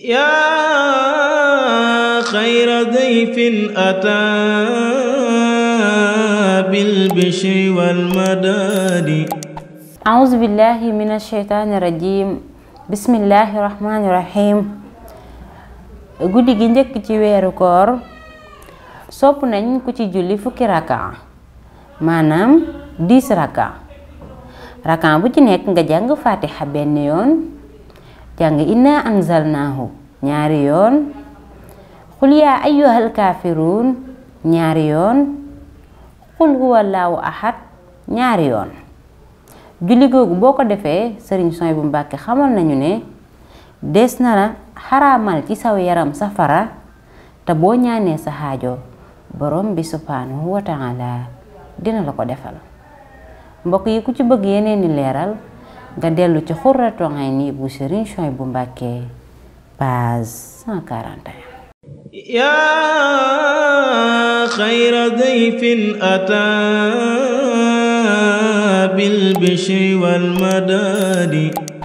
yaa xayra dayfin ataa bil bishri wal madaadi auzu billahi min asheytaani rajim bismillahi rahmaani rahim guddi gi njëkk ci weeru koor sopp nañ ku ci julli fukki raka maanaam dix raka raka bu ci nekk nga jàng fatiha benn yoon jàng inna anzalnaahu ñaari yoon xul yaa ayyuhal kaafiruun ñaari yoon xul huwallaahu ahad ñaari yoon julli googu boo ko defee sëriñ Sooy bu Mbàkke xamal nañu ne des na xaraamal ci saw yaram safara te boo ñaanee sa xaajo borom bi subhaanahu wa taala dina la ko defal mbokk yi ku ci bëgg yeneen leeral ga dellu ci xurratu ayni bu Serigne Souhaibou Mbacké page 141 yaa xayra dayfin ataa bil bishri wal madadi